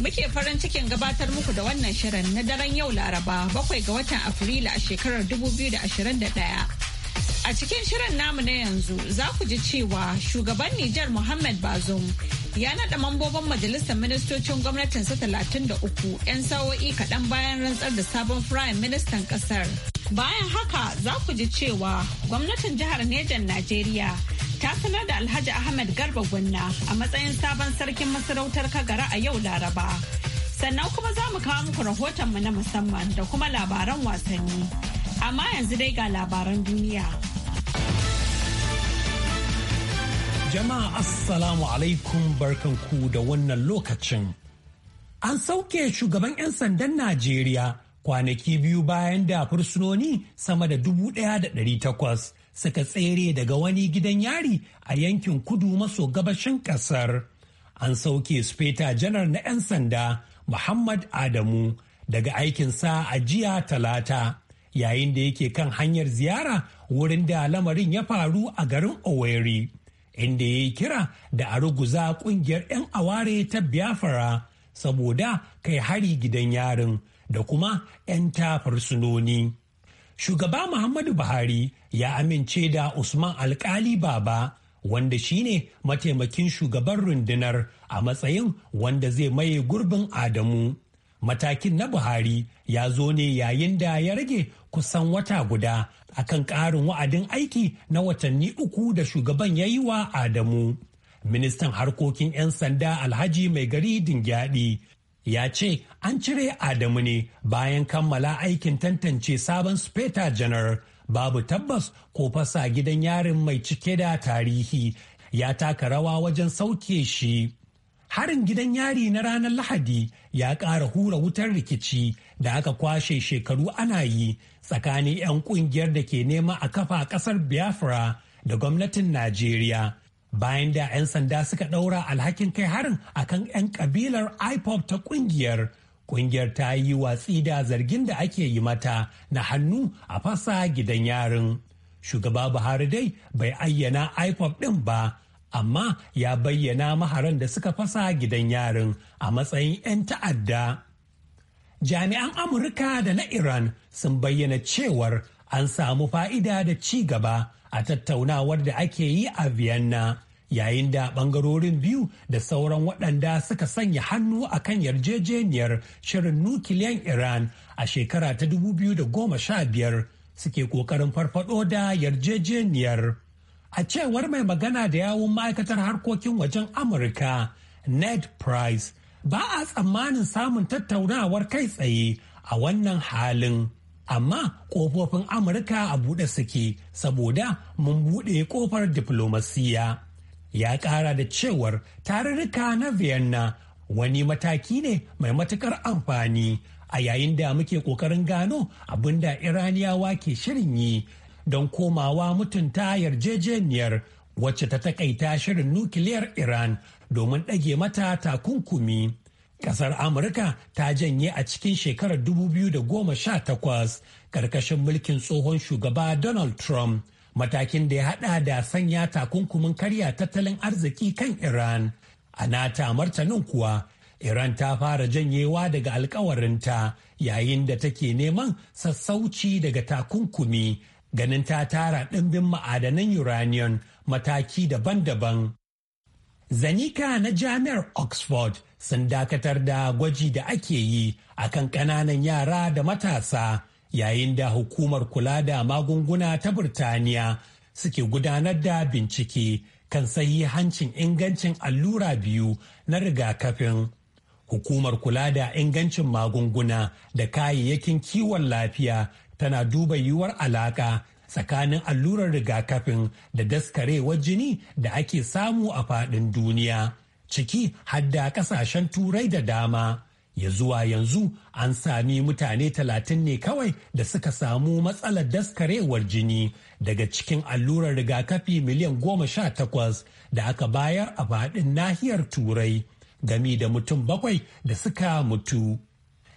Muke farin cikin gabatar muku da wannan shirin na daren yau Laraba bakwai ga watan Afrilu a shekarar 2021. A cikin shirin namu na yanzu za ku ji cewa shugaban Nijar Muhammad Bazoum ya naɗa mambobin majalisar ministocin gwamnatinsa 33 'yan sa'o'i kaɗan bayan rantsar da sabon firayim ministan ƙasar. Bayan haka za ku ji cewa gwamnatin jihar Nejan Najeriya ta sanar da Alhaji ahmed Garba Gwanna a matsayin sabon sarkin masarautar Kagara a yau Laraba. Sannan kuma za mu kawo muku rahotonmu na musamman da kuma labaran wasanni. Amma yanzu dai ga labaran duniya. Jama'a Assalamu alaikum barkanku da wannan lokacin. An sauke shugaban 'yan sandan Najeriya kwanaki biyu bayan da fursunoni sama da dubu ɗaya da ɗari takwas suka tsere daga wani gidan yari a yankin kudu maso gabashin kasar. An sauke speta janar na 'yan sanda Muhammad Adamu daga aikinsa a jiya talata yayin da yake kan hanyar ziyara wurin da lamarin ya faru a garin oweri Inda ya yi kira da a ruguza kungiyar 'yan aware ta Biafra saboda kai hari gidan yarin da kuma 'yan tafarsunoni. fursunoni. Shugaba Muhammadu Buhari ya amince da Usman Alkali Baba wanda shine mataimakin shugaban rundunar a matsayin wanda zai maye gurbin Adamu. Matakin na Buhari ya zo ne yayin da ya rage kusan wata guda akan ƙarin wa'adin aiki na watanni uku da shugaban ya yi wa Adamu. Ministan harkokin 'yan sanda Alhaji Mai Gari Dingyadi ya ce an cire Adamu ne bayan kammala aikin tantance sabon speta janar babu tabbas ko fasa gidan yarin mai cike da tarihi ya taka rawa wajen sauke shi. Harin gidan yari na ranar Lahadi ya ƙara hura wutar rikici da aka kwashe shekaru ana yi tsakanin 'yan ƙungiyar da ke nema a kafa ƙasar Biafra da gwamnatin Najeriya. Bayan da 'yan sanda suka ɗaura alhakin kai harin akan 'yan ƙabilar IPOP ta ƙungiyar Kungiyar ta yi watsi da zargin da ake yi mata na hannu a fasa gidan yarin. Shugaba Buhari dai bai ayyana IPOP din ba, amma ya bayyana maharan da suka fasa gidan yarin a matsayin 'yan ta'adda. Jami'an Amurka da na Iran sun bayyana cewar an samu fa'ida da ci gaba a tattaunawar da ake yi a Vienna. yayin da bangarorin biyu da sauran waɗanda suka sanya hannu a kan yarjejeniyar shirin nukiliyan iran a shekara ta 2015 suke ƙoƙarin farfaɗo da yarjejeniyar a cewar mai magana da yawun ma'aikatar harkokin wajen amurka ned price ba a tsammanin samun tattaunawar kai tsaye a wannan halin amma ƙofofin amurka a buɗe suke saboda mun buɗe ƙofar diflomasiyya. ya ƙara da cewar tarurruka na vienna wani mataki ne mai matukar amfani a yayin da muke ƙoƙarin gano abin da iraniyawa ke shirin yi don komawa mutunta yarjejeniyar wacce ta takaita shirin nukiliyar iran domin ɗage mata takunkumi Ƙasar Amurka ta janye a cikin shekarar 2018 karkashin mulkin tsohon shugaba Donald Trump matakin da ya hada da sanya takunkumin karya tattalin arziki kan Iran. A nata martanin kuwa, Iran ta fara janyewa daga alkawarinta yayin da take neman sassauci daga takunkumi ganin ta tara ɗimbin ma'adanan uranium mataki daban-daban. Zanika na jami'ar Oxford sun dakatar da gwaji da ake yi akan ƙananan yara da matasa yayin da hukumar kula da magunguna ta Burtaniya suke gudanar da bincike kan hancin ingancin allura biyu na rigakafin. Hukumar kula da ingancin magunguna da kayayyakin kiwon lafiya tana duba yiwuwar alaka tsakanin allurar rigakafin da daskarewar jini da ake samu a faɗin duniya, ciki hadda ƙasashen turai da dama. ya zuwa yanzu an sami mutane talatin ne kawai da suka samu matsalar daskarewar jini daga cikin allurar rigakafi miliyan goma sha takwas da aka bayar a faɗin nahiyar turai gami da mutum bakwai da suka mutu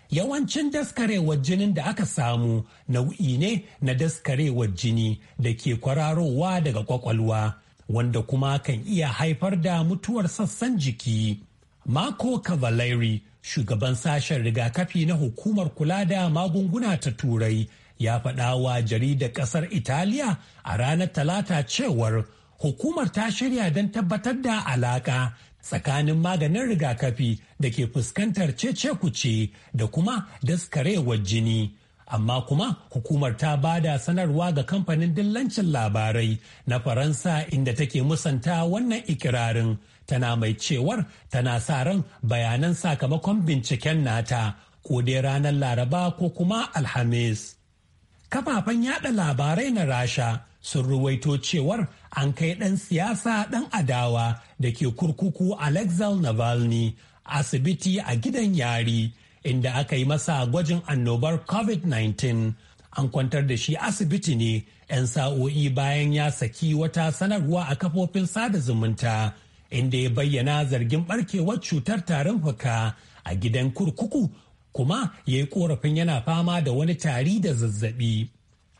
yawancin daskarewar jinin da aka samu nau'i ne na daskarewar jini da ke kwararowa daga kwakwalwa wanda kuma kan iya haifar da mutuwar sassan jiki mako cavalieri shugaban sashen rigakafi na hukumar kula da magunguna ta turai ya faɗa wa jaridar ƙasar italiya a ranar talata cewar hukumar ta shirya don tabbatar da alaƙa tsakanin maganin rigakafi da ke fuskantar cece-kuce da kuma daskarewar jini amma kuma hukumar ta ba da sanarwa ga kamfanin dillancin labarai na faransa inda take musanta wannan ikirarin tana mai cewar tana sa ran bayanan sakamakon binciken nata ko dai ranar laraba ko kuma alhamis kafafen yada labarai na rasha sun ruwaito cewar an kai ɗan siyasa ɗan adawa da ke kurkuku alexal navalny asibiti a gidan yari inda aka yi masa gwajin annobar covid-19 an kwantar da shi asibiti ne 'yan sa'o'i bayan ya saki wata sanarwa a kafofin sada zumunta inda ya bayyana zargin barkewar cutar tarin fuka a gidan kurkuku kuma ya yi korafin yana fama da wani tari da zazzabi.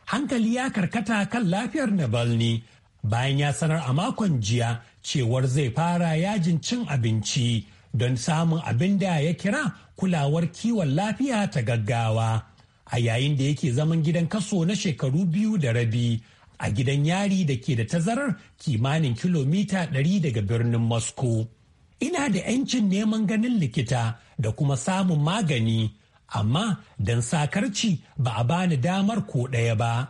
Hankali ya karkata kan lafiyar na Navalny bayan ya sanar a makon jiya cewar zai fara yajin cin abinci don samun abin da ya kira kulawar kiwon lafiya ta gaggawa. A yayin da yake zaman gidan kaso na shekaru biyu da rabi a gidan yari da ke da tazarar kimanin kilomita 100 daga birnin Moscow. Ina da 'yancin neman ganin likita da kuma samun magani, amma don sakarci ba a bani damar ko ɗaya ba.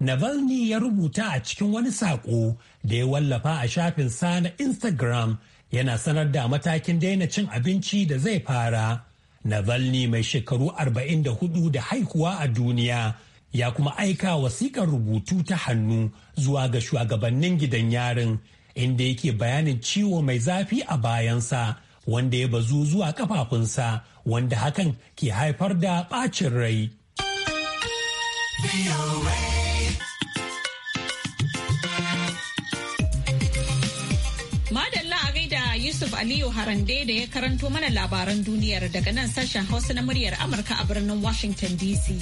Navalny ya rubuta a cikin wani saƙo da ya wallafa a shafin sa na Instagram yana sanar da matakin daina cin abinci da zai fara. Navalny mai shekaru 44 da haihuwa a duniya ya kuma aika wasiƙar rubutu ta hannu zuwa ga shugabannin gidan yarin inda yake bayanin ciwo mai zafi a bayansa wanda ya bazu zuwa kafafunsa wanda hakan ke haifar da ɓacin rai. da Yusuf Aliyu Harande da ya karanto mana labaran duniyar daga nan sashen Hausa na muryar Amurka a birnin Washington DC.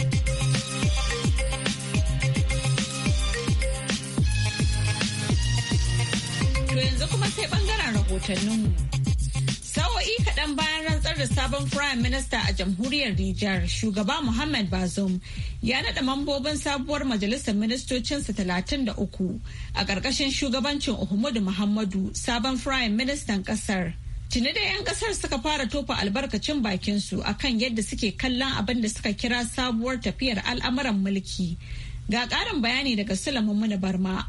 rahotanninmu. Sawo'i kaɗan bayan rantsar da sabon Prime Minister a jamhuriyar Nijar, shugaba Muhammad Bazoum ya naɗa mambobin sabuwar majalisar ministocinsa 33 a ƙarƙashin shugabancin Uhumudu Muhammadu sabon Prime Ministan ƙasar. Tuni da 'yan ƙasar suka fara tofa albarkacin bakinsu a kan yadda suke kallon abin da suka kira sabuwar tafiyar al'amuran mulki. Ga ƙarin bayani daga Sulaiman muna Barma.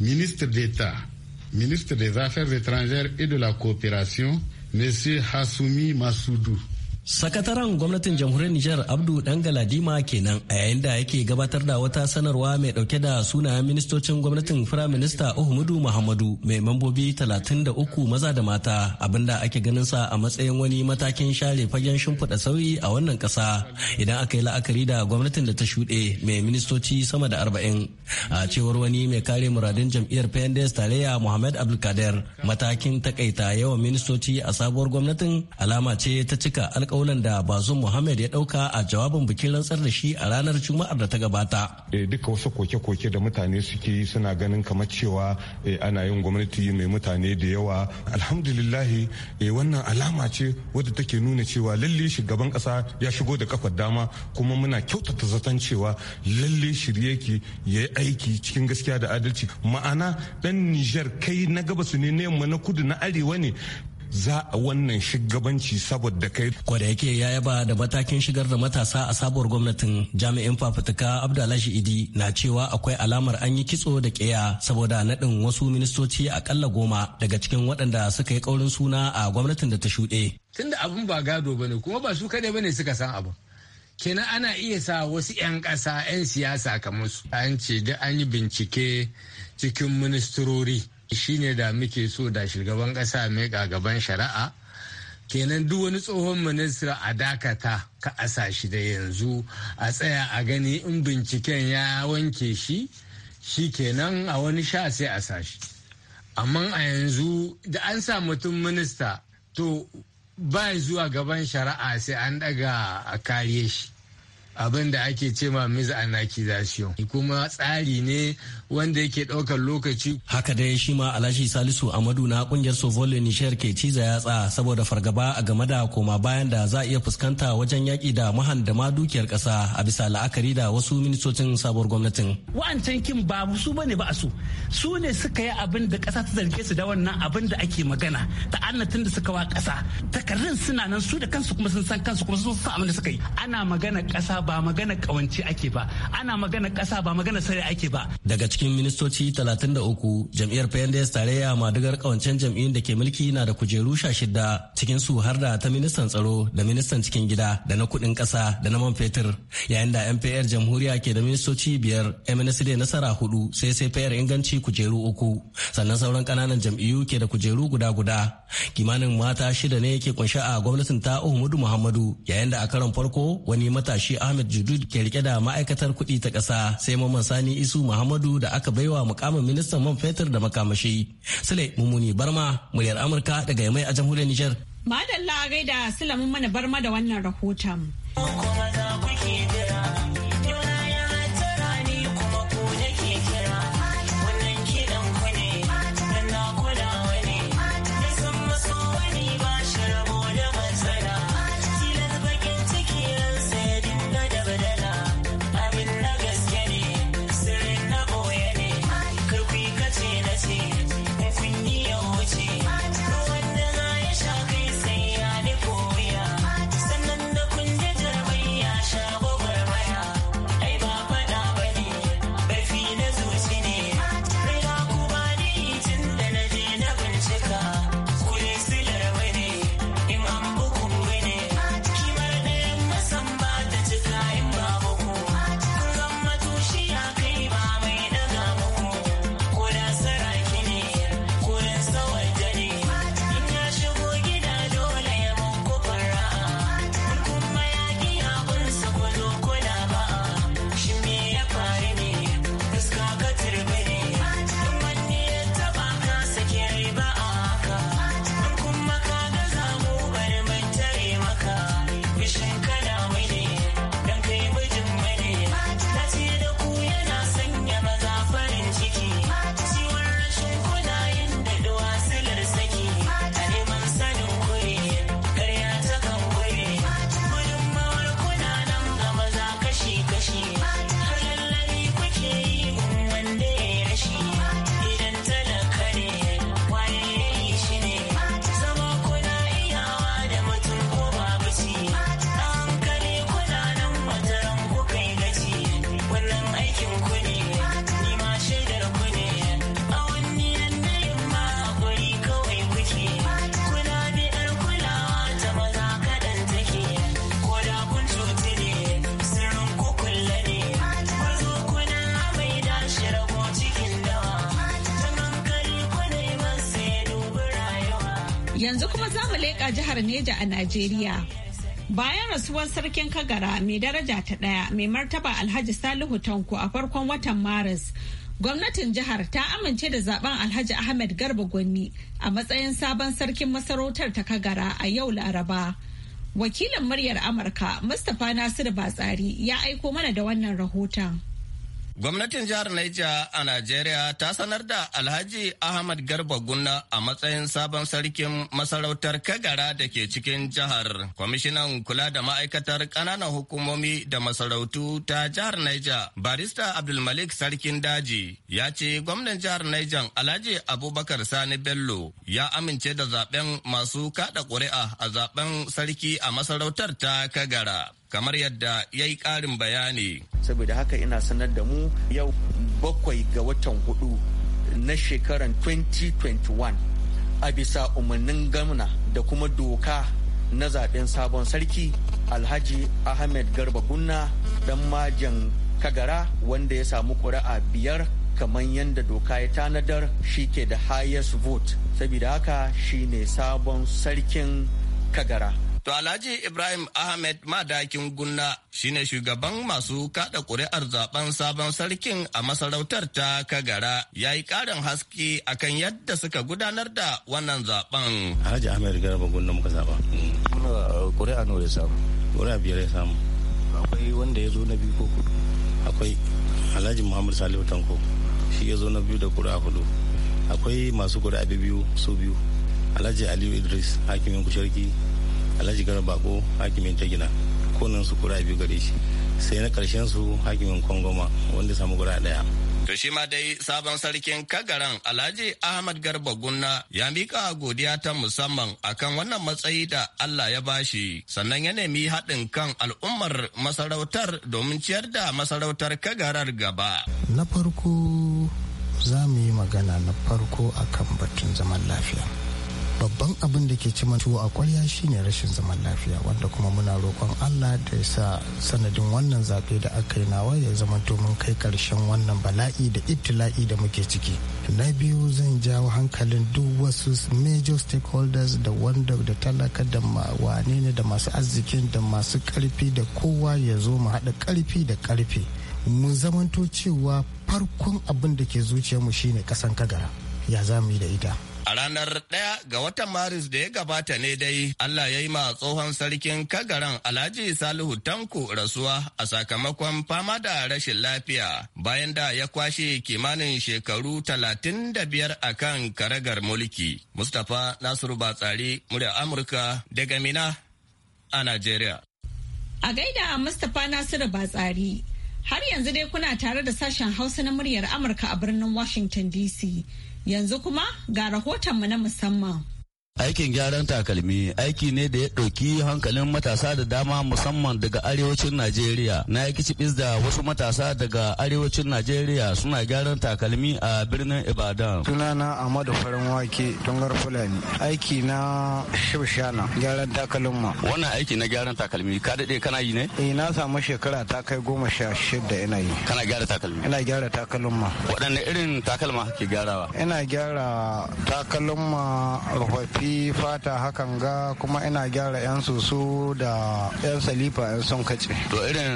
Minister Data ministre des Affaires étrangères et de la coopération, Monsieur Hassoumi Massoudou. Sakataren gwamnatin jamhuriyar Nijar Abdu Dan Galadima kenan a yayin da yake gabatar da wata sanarwa mai dauke da sunayen ministocin gwamnatin Firaminista Uhumudu Muhammadu mai mambobi 33 maza da mata abinda ake ganin sa a matsayin wani matakin share fagen shimfiɗa sauyi a wannan ƙasa idan aka yi la'akari da gwamnatin da ta shuɗe mai ministoci sama da 40 a cewar wani mai kare muradun jam'iyyar PNDS tarayya Muhammad Abdulkader matakin takaita yawan ministoci a sabuwar gwamnatin alama ce ta cika alƙawarin alkawalan da bazum muhammad ya dauka a jawabin bikin rantsar da shi a ranar juma'ar da ta gabata eh, duka wasu koke-koke da mutane suke yi suna ganin kamar cewa eh, ana yin gwamnati mai mutane da yawa alhamdulillahi eh, wannan alama ce wadda take nuna cewa lalle shugaban kasa ya shigo da kafar dama kuma muna kyautata zaton cewa lalle shirye ki ya yi aiki cikin gaskiya da adalci ma'ana dan nijar kai na gabas ne na yamma na kudu na arewa ne za a wannan shugabanci saboda kai. kwada yake ya yaba da matakin shigar da matasa a sabuwar gwamnatin jami'in fafutuka Abdullahi Idi na cewa akwai alamar an yi kitso da ƙeya saboda naɗin wasu ministoci akalla goma daga cikin waɗanda suka yi ƙaurin suna a gwamnatin da ta shuɗe. Tunda abin ba gado bane kuma ba su kaɗai bane suka san abin. kenan ana iya sa wasu 'yan ƙasa 'yan siyasa kamar su an ce da an yi bincike cikin ministrori shine da muke so da shugaban ƙasa mai gaban shari'a kenan duk wani tsohon ministra a dakata ka asa shi da yanzu a tsaya a gani in binciken ya wanke shi shi kenan a wani sha sai a sa shi amma a yanzu da an sa mutum minista to ba zuwa gaban shari'a sai an daga a kariye shi abin da ake ce ma mizanakization kuma tsari ne wanda yake ɗaukar lokaci. Haka dai shi ma Alhaji Salisu Amadu na kungiyar Sovole Nishiyar ke ciza yatsa saboda fargaba a game da koma bayan da za a iya fuskanta wajen yaƙi da mahan da ma dukiyar ƙasa a bisa la'akari da wasu ministocin sabuwar gwamnatin. Wa'ancan kin ba su bane ba su su ne suka yi abin da ƙasa ta zarge su da wannan abin da ake magana ta annatin da suka wa ƙasa takarrin suna nan su da kansu kuma sun san kansu kuma sun san abin da suka yi ana magana ƙasa ba ba magana kawanci ake ba ana magana ƙasa ba magana sare ake ba daga cikin ministoci 33 jam'iyyar PNDS tarayya madigar kawancen jam'iyyun da ke mulki na da kujeru 16 cikin su har da ta ministan tsaro da ministan cikin gida da na kudin kasa da na man fetur yayin da MPR jamhuriya ke da ministoci biyar MNSD nasara hudu sai sai fayar inganci kujeru uku sannan sauran kananan jam'iyyu ke da kujeru guda guda kimanin mata shida ne ke kunshi a gwamnatin ta Uhumudu Muhammadu yayin da a karon farko wani matashi a Ahmed Judud ke rike da ma'aikatar kuɗi ta ƙasa sai Maman Sani Isu Muhammadu da aka baiwa mukamin ministan man fetur da makamashi. Sule Mumuni Barma muryar Amurka daga Yamai a jamhuriyar Nijar. Madalla gaida sule mana Barma da wannan rahoton. jihar Neja a Najeriya. Bayan rasuwar sarkin Kagara mai daraja ta ɗaya mai martaba Alhaji Salihu Tanko a farkon watan Maris, gwamnatin jihar ta amince da zaben Alhaji Ahmed Garba Gwani a matsayin sabon sarkin masarautar ta Kagara a yau Laraba. Wakilin muryar Amurka Mustapha Nasiru Batsari ya aiko mana da wannan rahoton. Gwamnatin jihar Naija a Najeriya ta sanar da Alhaji Ahmad Garba Gunna a matsayin sabon sarkin masarautar Kagara da ke cikin jihar. Kwamishinan kula da ma'aikatar ƙananan hukumomi da masarautu ta jihar Naija, Barista Abdulmalik Sarkin Daji, ya ce gwamnan jihar Naija Alhaji Abubakar Sani Bello ya amince da zaben masu kaɗa ƙuri'a a zaben sarki a masarautar ta Kagara. kamar yadda ya yi ƙarin bayani. Saboda haka ina sanar da mu yau bakwai ga watan hudu na shekarar 2021 a bisa umarnin gamna da kuma doka na zaɓen sabon sarki alhaji ahmed garba gunna dan majan kagara wanda ya samu ƙuri'a biyar kamar yadda doka ya tanadar shi ke da highest vote saboda haka shi ne sabon sarkin kagara To Alhaji Ibrahim Ahmed Madakin Gunna shine shugaban masu kada kuri'ar zaben sabon sarkin a masarautar ta Kagara ya yi karin haske akan yadda suka gudanar da wannan zaben. Alhaji Ahmed Garba Gunna muka zaba. Kuri'a uh, nawa ya samu? Kuri'a biyar ya samu. Akwai wanda ya zo na biyu ko? Akwai Alhaji Muhammad Salihu Tanko shi ya zo na biyu da kuri'a hudu. Akwai masu kuri'a biyu su biyu. Alhaji Aliyu Idris hakimin kusharki alhaji garba bako hakimin ta gina konan su kura biyu gare shi sai na karshen su hakimin kongoma wanda samu gura daya To shi ma dai sabon sarkin kagaran Alhaji Ahmad Garba Gunna ya miƙa godiya ta musamman akan wannan matsayi da Allah ya bashi sannan ya nemi haɗin kan al'ummar masarautar domin ciyar da masarautar kagarar gaba. Na farko za mu yi magana na farko akan batun zaman lafiya. babban abin da ke ci tuwo a kwarya shine rashin zaman lafiya wanda kuma muna roƙon allah da ya sa sanadin wannan zaɓe da aka yi nawa ya zama domin kai ƙarshen wannan bala'i da ittila'i da muke ciki na biyu zan jawo hankalin duk wasu major stakeholders da wanda da talaka da wane ne da masu arzikin da masu ƙarfi da kowa ya zo mu haɗa ƙarfi da ƙarfi mu zamanto cewa farkon abin da ke zuciyarmu shine ƙasan kagara ya za mu yi da ita A ranar ɗaya ga watan Maris da ya gabata ne dai Allah ya yi ma tsohon sarkin kagaran Alhaji Salihu Tanko rasuwa a sakamakon fama da rashin lafiya bayan da ya kwashe kimanin shekaru talatin da biyar a kan karagar mulki. Mustapha Nasiru Batsari, murya Amurka daga Mina a Najeriya. A gaida Mustapha Nasiru Batsari, har yanzu dai kuna tare da sashen Hausa na muryar Amurka a birnin Washington DC. Yanzu kuma ga rahotonmu na musamman. Aikin gyaran takalmi aiki ne da ya ɗauki hankalin matasa da dama musamman daga arewacin Najeriya. Na yi kicibis da wasu matasa daga arewacin Najeriya suna gyaran takalmi a birnin Ibadan. Sunana Ahmadu Farin Wake Tungar Fulani. Aiki na Shibshana gyaran ma. Wannan aiki na gyaran takalmi ka daɗe kana yi ne? Eh na samu shekara ta kai goma sha shida ina yi. Kana gyara takalmi? Ina gyara ma. Waɗanne irin takalma ke gyarawa? Ina gyara takalma ma. fi fata hakan ga kuma ina gyara 'yan susu da 'yan salifa 'yan son kace. To irin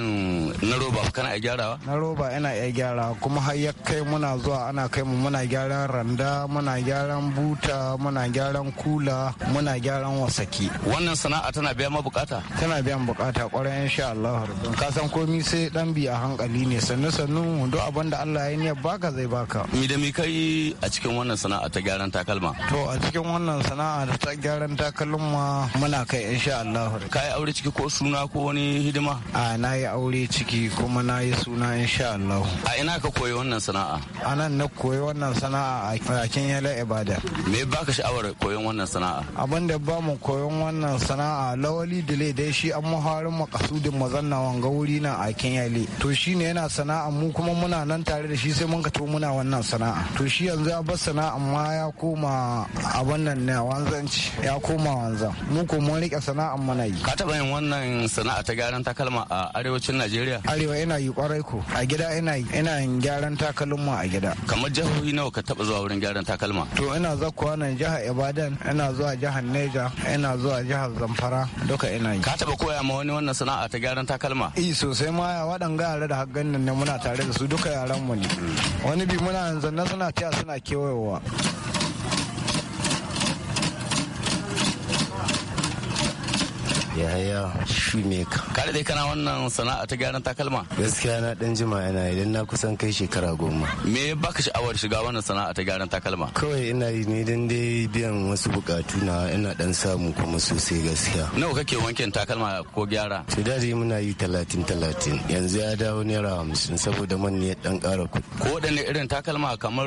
na roba kana iya gyarawa? Na roba ina iya gyara kuma har ya kai muna zuwa ana kai mu muna gyaran randa muna gyaran buta muna gyaran kula muna gyaran wasaki. Wannan sana'a tana biyan ma bukata? Tana biyan bukata kwarai insha Allah. Ka san komi sai dan bi a hankali ne sannu sannu duk abin da Allah ya yi baka zai baka. Mi da mi kai a cikin wannan sana'a ta gyaran takalma? To a cikin wannan sana'a da ta gyaran ma muna kai insha Allah ka yi aure ciki ko suna ko wani hidima a na yi aure ciki kuma na yi suna insha Allah a ina ka koyi wannan sana'a a nan na koyi wannan sana'a a yala ibada me baka sha'awar koyon wannan sana'a abin da ba mu koyon wannan sana'a lawali dile dai shi an muharin makasudin mazanna wanga wuri na a yale to ne yana sana'a mu kuma muna nan tare da shi sai mun ka to muna wannan sana'a to shi yanzu a bar sana'a amma ya koma a wannan nawan wanzanci ya koma wanzan mu ko mun rike sana'ar mana yi ka taba yin wannan sana'a ta gyaran takalma a arewacin Najeriya arewa ina yi kwarai ko a gida ina yi ina yin gyaran takalma a gida kamar jihohi nawa ka taba zuwa wurin gyaran takalma to ina zakkuwa nan jihar Ibadan ina zuwa jihar Neja ina zuwa jihar Zamfara duka ina yi ka taba koya ma wani wannan sana'a ta gyaran takalma eh sosai ma ya waɗanga yare da hakkan nan ne muna tare da su duka yaran mu ne mm. wani bi muna yanzu na suna taya suna kewayewa yahaya shoemaker ka dai kana wannan sana'a ta gyaran takalma gaskiya na dan jima yana idan na kusan kai shekara goma me ya baka sha'awar shiga wannan sana'a ta gyaran takalma kawai ina yi ne dan dai biyan wasu bukatu na ina dan samu kuma sosai gaskiya nawa kake wankin takalma ko gyara to da dai muna yi talatin talatin yanzu ya dawo naira hamsin saboda man ne dan kara kuɗi ko waɗanne irin takalma kamar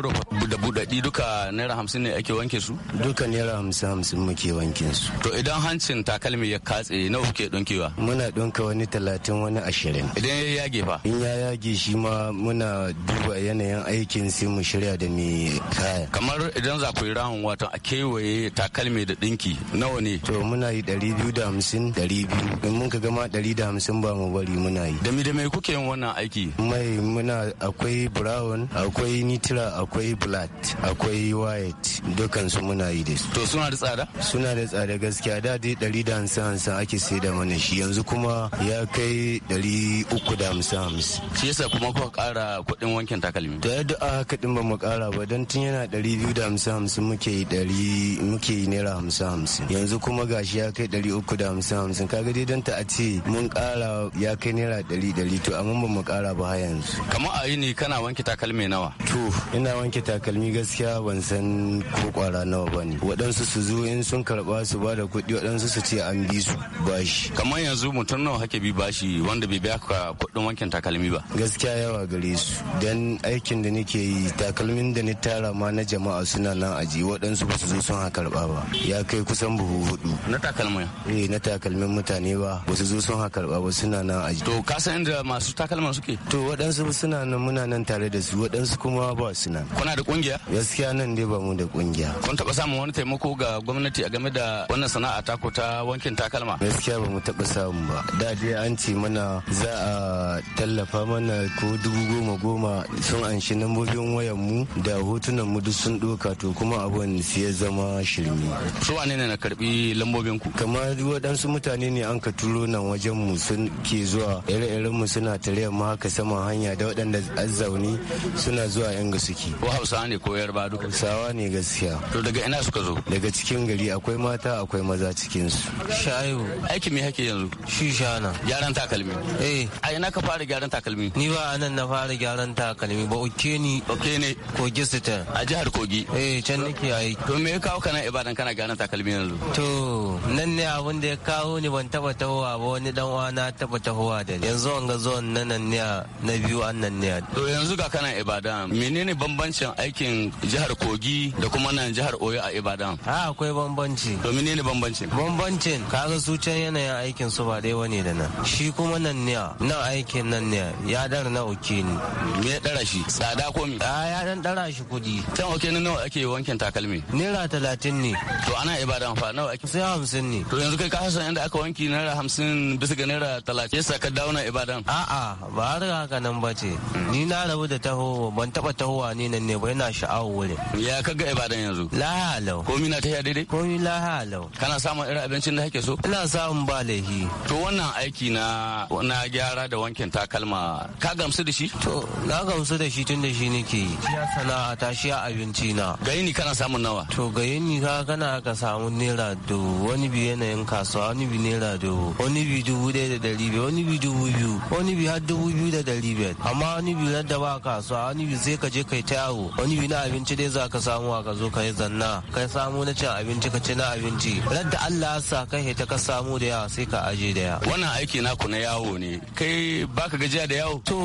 da buɗaɗɗi duka naira hamsin ne ake wanke su duka naira hamsin hamsin muke wankin su to idan hancin takalmi ya katse Eh, nawa kuke donkewa muna dunka wani talatin wani ashirin idan ya yage fa in ya yage shi ma muna duba yanayin aikin sai mu shirya da mai kaya kamar idan za ku yi rahun wato a kewaye takalmi da dinki nawa ne to muna yi ɗari biyu da hamsin ɗari biyu in mun ka gama ɗari da hamsin ba mu bari muna yi da da mai kuke yin wannan aiki mai muna akwai brown akwai nitra, akwai black akwai white dukansu muna yi da su to suna da tsada suna da tsada gaskiya da dai ɗari da hamsin hamsin ake sai da mana shi yanzu kuma ya kai dari uku da hamsin hamsin. Shi yasa kuma kuka kara kuɗin wankin takalmi? Da yadda a haka ɗin ba mu ƙara ba don tun yana dari biyu da hamsin hamsin muke yi dari muke yi naira hamsin hamsin. Yanzu kuma gashi ya kai dari uku da hamsin hamsin kaga dai don ta a ce mun ƙara ya kai naira dari dari to amma ba mu ƙara ba yanzu. Kamar a yi ne kana wanke takalmi nawa? To ina wanke takalmi gaskiya ban san ko kwara nawa ba ne. Waɗansu su zo in sun karɓa su ba da kuɗi waɗansu su ce an bi su bashi kamar yanzu mutum nawa hake bi bashi wanda bai biya ka kudin wankin takalmi ba gaskiya yawa gare su dan aikin da nake yi takalmin da ni tara ma na jama'a suna nan aji waɗansu ba su zo sun haka karɓa ba ya kai kusan buhu hudu na takalmin eh na takalmin mutane ba ba su zo sun haka karɓa ba suna nan aji to ka san inda masu takalman suke to waɗansu suna nan muna nan tare da su waɗansu kuma ba su nan kuna da kungiya gaskiya nan dai ba mu da kungiya kun taɓa samun wani taimako ga gwamnati a game da wannan sana'a ta ta wankin takalma gaskiya ba mu taɓa samu ba da dai an ce mana za a tallafa mana ko dubu goma goma sun anshi lambobin wayan mu da hotunan mu duk sun ɗoka to kuma abun sai ya zama shirme su wane ne na karbi lambobin ku kamar waɗansu mutane ne an ka turo nan wajen mu sun ke zuwa ire-iren mu suna tare mu haka saman hanya da waɗanda azzauni suna zuwa yan suke ko hausawa ne ko yarba duka hausawa ne gaskiya to daga ina suka zo daga cikin gari akwai mata akwai maza cikin su sha'ibu Aikin me hake yanzu? Shisha na. Gyaran takalmi. Eh. A ina ka fara gyaran takalmi? Ni ba nan na fara gyaran takalmi ba oke ni. Oke ne. Kogi sita. A jihar Kogi. Eh can nake aiki. To me ya kawo kana Ibadan kana gyaran takalmi yanzu? To nan ne abun da ya kawo ni ban taba tahowa ba wani dan uwa na taba tahowa da ni. Yanzu an ga zuwan nan nan ne na biyu an nan ne. To yanzu ga kana Ibadan menene bambancin aikin jihar Kogi da kuma nan jihar Oyo a Ibadan? A akwai bambanci. To menene bambancin? Bambancin kaga su can yanayin aikin su ba ɗaya wani da nan shi kuma nan ne na aikin nan ne ya dar na oke ni me dara shi tsada ko mi a ah, ya dan dara shi kudi can oke ni nawa ake wankin takalmi naira talatin ne to ana ibadan fa nawa ake sai hamsin ne to yanzu kai ka san inda aka wanki naira hamsin bisa ga naira talatin yasa ka dawo na ibadan a'a ba har haka nan ba ce hmm. ni na rabu da taho ban taba tahowa ne nan ne ba yana sha'awar wurin ya kaga ibadan yanzu lahalau komi na ta daidai komi lahalau kana samun irin abincin da kake so ina samu ba laifi to wannan aiki na na gyara da wankin takalma ka gamsu da shi to na gamsu da shi tun da shi nake yi shi sana'a ta shi abinci na gari ni kana samun nawa to gari ni ka kana ka samu naira do wani bi yanayin kasuwa wani bi naira do wani bi dubu ɗaya da ɗari biyu wani bi dubu biyu wani bi har dubu biyu da ɗari biyar amma wani bi da ba kasuwa wani bi sai ka je kai ta yawo wani bi na abinci dai za ka samu a ka zo ka yi zanna kai samu na cin abinci ka ci na abinci radda Allah ya sa kai ta ka samu samu da yawa sai ka aje da yawa wannan aiki naku na yawo ne kai baka gajiya da yawo to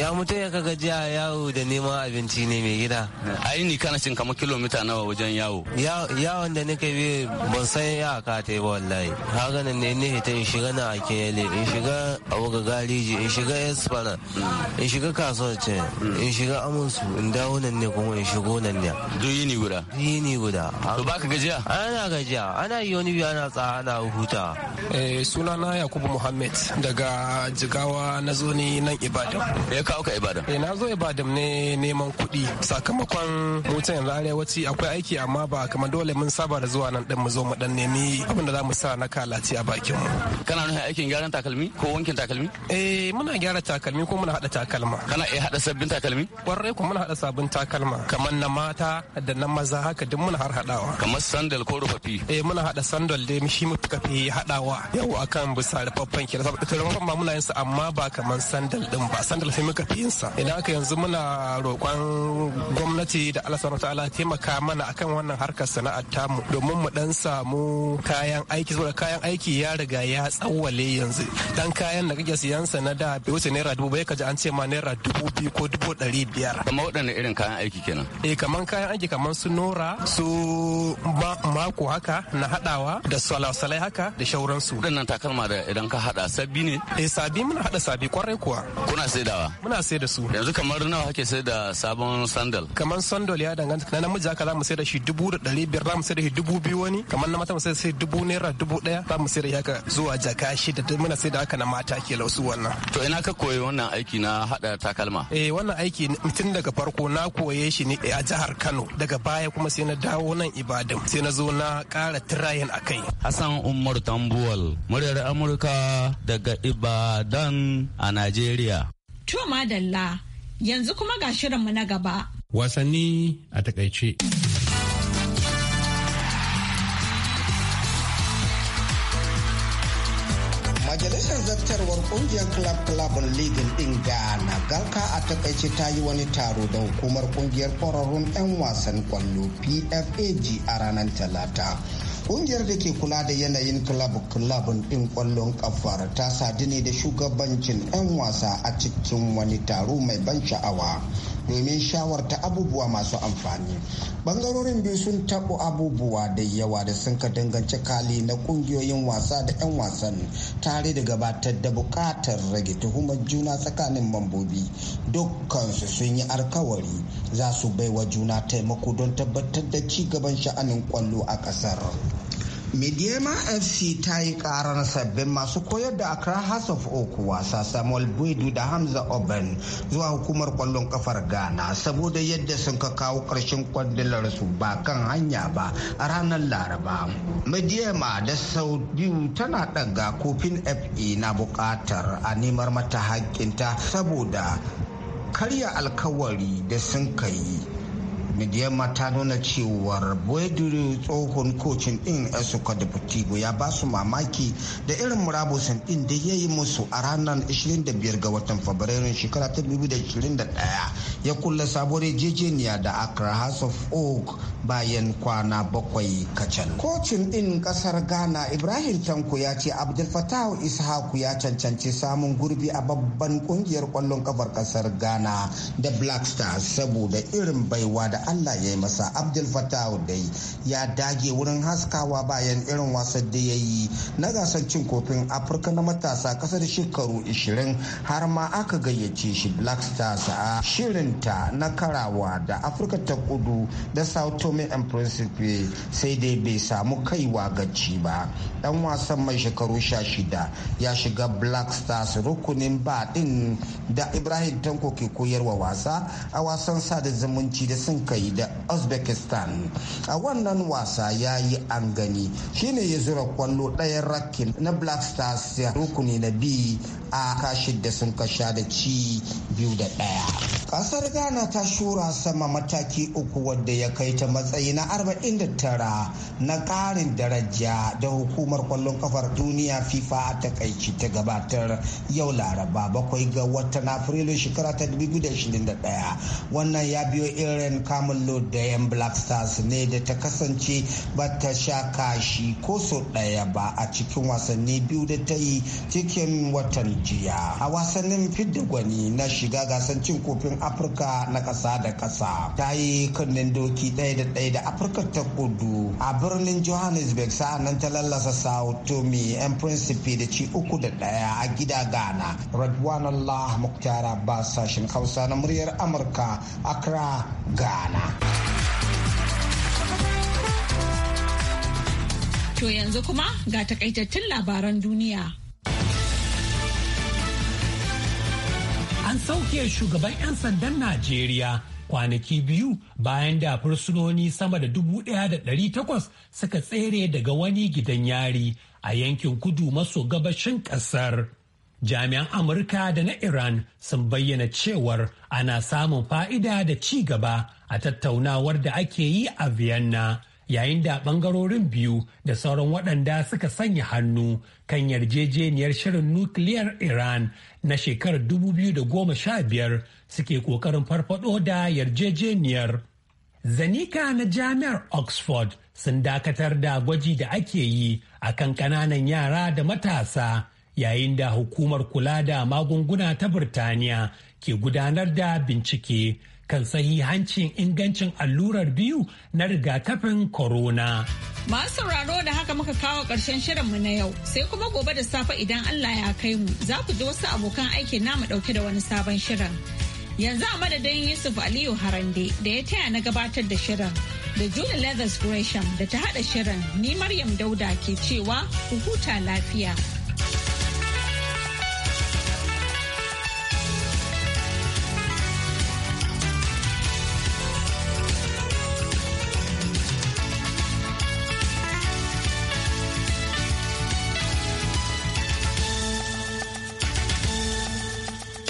ya mutum ya ka gajiya yawo da neman abinci ne mai gida ai ni kana cin kamar kilomita nawa wajen yawo yawon da nika bi ban san ya ka ta yi wallahi haka nan ne ne ta in shiga na ake yale in shiga abuga gariji in shiga espana mm. in shiga kasuwar ce mm. in shiga amunsu in dawo nan ne kuma in shigo nan ne duk yini guda yini guda to baka gajiya ana gajiya ana yi wani biyu ana tsaha ana huta Eh, Suna na Yakubu muhammed daga Jigawa na zo ni nan Ibadan. ya kawo ka Ibadan? Eh na zo Ibadan ne neman kuɗi sakamakon mutan yanzu arewaci akwai aiki amma ba kamar dole mun saba da zuwa nan din mu zo mu dan nemi abin da za mu sa na kalaci a bakin mu. Kana nuna aikin gyaran takalmi ko wankin takalmi? Eh muna gyara takalmi ko muna hada takalma. Kana eh hada sabbin takalmi? Kwarai ko muna hada sabbin takalma kamar na mata da na maza haka duk muna har hadawa. Kamar sandal ko rufafi. Eh muna hada sandal dai shi mu fi hadawa yau akan bisa rufaffen kenan saboda rufaffen ma muna yinsa amma ba kamar sandal din ba sandal sai muka fi yinsa idan aka yanzu muna roƙon gwamnati da Allah subhanahu ta'ala taimaka mana akan wannan harkar sana'ar tamu domin mu dan samu kayan aiki saboda kayan aiki ya riga ya tsawale yanzu dan kayan da kake siyan sa na da bai wuce naira dubu bai kaji an ce ma naira dubu biyu ko dubu ɗari biyar kamar waɗanne irin kayan aiki kenan eh kamar kayan aiki kamar su nora su kwako haka na hadawa da salasalai haka da shauransu nan takalma da idan ka hada sabbi ne eh sabbi muna hada sabbi kwarai kuwa kuna saidawa muna sai da su yanzu kamar nawa kake sai da sabon sandal kamar sandal ya danganta na namiji haka za mu sai da shi dubu da ɗari biyar za mu sai da shi dubu biyu wani kamar na mata mu sai da dubu naira dubu ɗaya za mu sai da shi haka zuwa jaka shida muna sai da haka na mata ke lausu wannan to ina ka koyi wannan aiki na hada takalma eh wannan aiki tun daga farko na koye shi ne a jihar Kano daga baya kuma sai na dawo nan Ibadan sai na zo na ƙara tirayin a kai. Hassan Umar Tambuwal, muryar Amurka daga Ibadan a Najeriya. To madalla, yanzu kuma ga shirinmu na gaba. Wasanni a takaice. daftarwar kungiyar club club ligin din ghana galka a takaice ta yi wani taro da hukumar kungiyar kwararrun 'yan wasan kwallo pfag a ranar talata kungiyar da ke kula da yanayin club club din kwallon kafar ta sadu ne da shugabancin 'yan wasa a cikin wani taro mai ban sha'awa domin shawarta abubuwa masu amfani bangarorin biyu sun tabo abubuwa da yawa da sun ka danganci kali na kungiyoyin wasa da 'yan wasan tare da gabatar da bukatar rage tuhumar juna tsakanin mambobi dukkansu sun yi alkawari za su baiwa juna taimako don tabbatar da ci gaban sha'anin kwallo a kasar. Midiyema FC ta yi karar sabbin masu koyar da Accra House of Oak wasa Samuel Buidu da Hamza Oben zuwa hukumar kwallon kafar Ghana saboda yadda sun ka kawo ƙarshen kwandilar su ba kan hanya ba a ranar Laraba. Midiyema da sau biyu tana ɗaga kofin FA na buƙatar a nemar mata haƙƙinta saboda karya alkawari da sun ka yi midiyamma ta nuna cewar boyduri tsohon kocin din esuka deportivo ya ba su mamaki da irin murabusan din da ya yi musu a ranar 25 ga watan fabrairun shekara ta 2021 ya kulle sabuwar yarjejeniya da accra house of oak bayan kwana bakwai kacal kocin ɗin ƙasar ghana ibrahim tanko ya ce abdul fatahu ishaku ya cancanci samun gurbi a babban ƙungiyar kwallon kafar ƙasar ghana da black stars saboda irin baiwa da allah ya yi masa abdul fatahu dai ya dage wurin haskawa bayan irin wasan da yayi yi na gasar cin kofin afirka na matasa ƙasar shekaru 20 har ma aka gayyace shi black stars a shirin ta na karawa da afirka ta kudu da sao tome and principe sai dai bai samu kaiwa ci ba dan wasan mai shekaru sha shida ya shiga black stars rukunin ba din da ibrahim tanko ke koyarwa wasa a wasan sada zumunci da sun kai da uzbekistan a wannan wasa ya yi an gani shine ya zura kwallo ɗayan rakin na black stars rukuni na b a kashi da sun kasha da ci biyu da ɗaya kasar kasar ghana ta shura sama mataki uku wadda ya kai ta matsayi na 49 na karin daraja da hukumar kwallon kafar duniya fifa a takaici ta gabatar yau laraba bakwai ga watan afrilu shekara ta 2021 wannan ya biyo irin kamun lodayen black stars ne da ta kasance ba ta sha kashi ko sau ɗaya ba a cikin wasanni biyu da ta yi cikin watan jiya a wasannin fidda gwani na shiga gasar cin kofin afirka afirka na ƙasa da ƙasa ta yi kunnen doki ɗaya da ɗaya da afirka ta kudu a birnin johannesburg nan ta lallasa sao tomi yan principe da ci uku da ɗaya a gida ghana radwan allah muktar abbas sashen hausa na muryar amurka accra ghana To yanzu kuma ga takaitattun labaran duniya. an sauke shugaban 'yan sandan Najeriya kwanaki biyu bayan da fursunoni sama da dubu ɗaya da ɗari takwas suka tsere daga wani gidan yari a yankin kudu maso gabashin ƙasar. Jami'an Amurka da na Iran sun bayyana cewar ana samun fa'ida da ci gaba a tattaunawar da ake yi a Vienna. yayin da bangarorin biyu da sauran waɗanda suka sanya hannu kan yarjejeniyar shirin nukiliyar Iran na shekarar 2015 suke ƙoƙarin farfado da yarjejeniyar. Zanika na jami'ar Oxford sun dakatar da gwaji da ake yi a kan ƙananan yara da matasa yayin da hukumar kula da magunguna ta Birtaniya ke gudanar da bincike. kan hancin ingancin allurar biyu na rigakafin korona. Masu sauraro da haka muka kawo ƙarshen mu na yau sai kuma gobe da safe idan Allah ya kai mu za ku ji wasu abokan aiki namu ɗauke da wani sabon shirin. Yanzu a madadin Yusuf Aliyu Harande da ya taya na gabatar da shirin da Julie Leathers Gresham da ta haɗa shirin ni Maryam Dauda ke cewa ku huta lafiya.